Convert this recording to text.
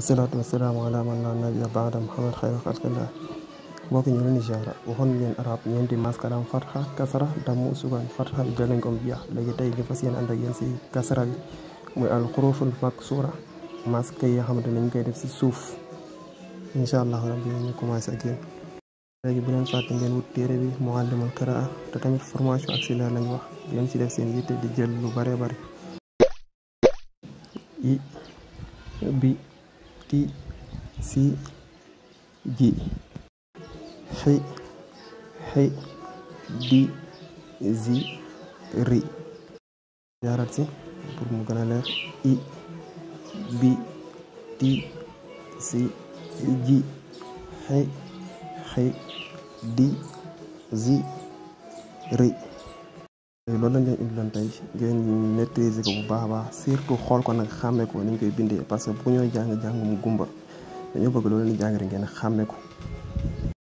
wasalaatu wasalaamu ala man laa nabiya baada muhammad xayra xalqillah mbokk ñu leen di ziara waxoon ngeen arab ñeenti maskaram fatxa kasara damu sugaan fatxa bi jël nañ ko mu jeex léegi tey ñu fas yéen ànd ak yéen si kasara bi muy al xuruful maksuura maska yi nga xamante ne ñu koy def si suuf incha allah rabbi ñu commencé ak yéen léegi bu leen fàtte ngeen wut téere bi muallimul qiraa te tamit formation auxiliaire lañ wax ngeen si def seen yitte di jël lu bare bare yi bi ti si ji xi xi di zi ri i bi ti si ji xi xi di zi ri loolu eh, lañ leen indiloon tey ngeen maîtriser ko bu baax a baax surtout xool ko nag xàmmee ko ni ñu koy bindee parce que bu ñooy jàng jàng mu gumba dañoo bëgg loolu leen jàng rek ngeen xàmmee ko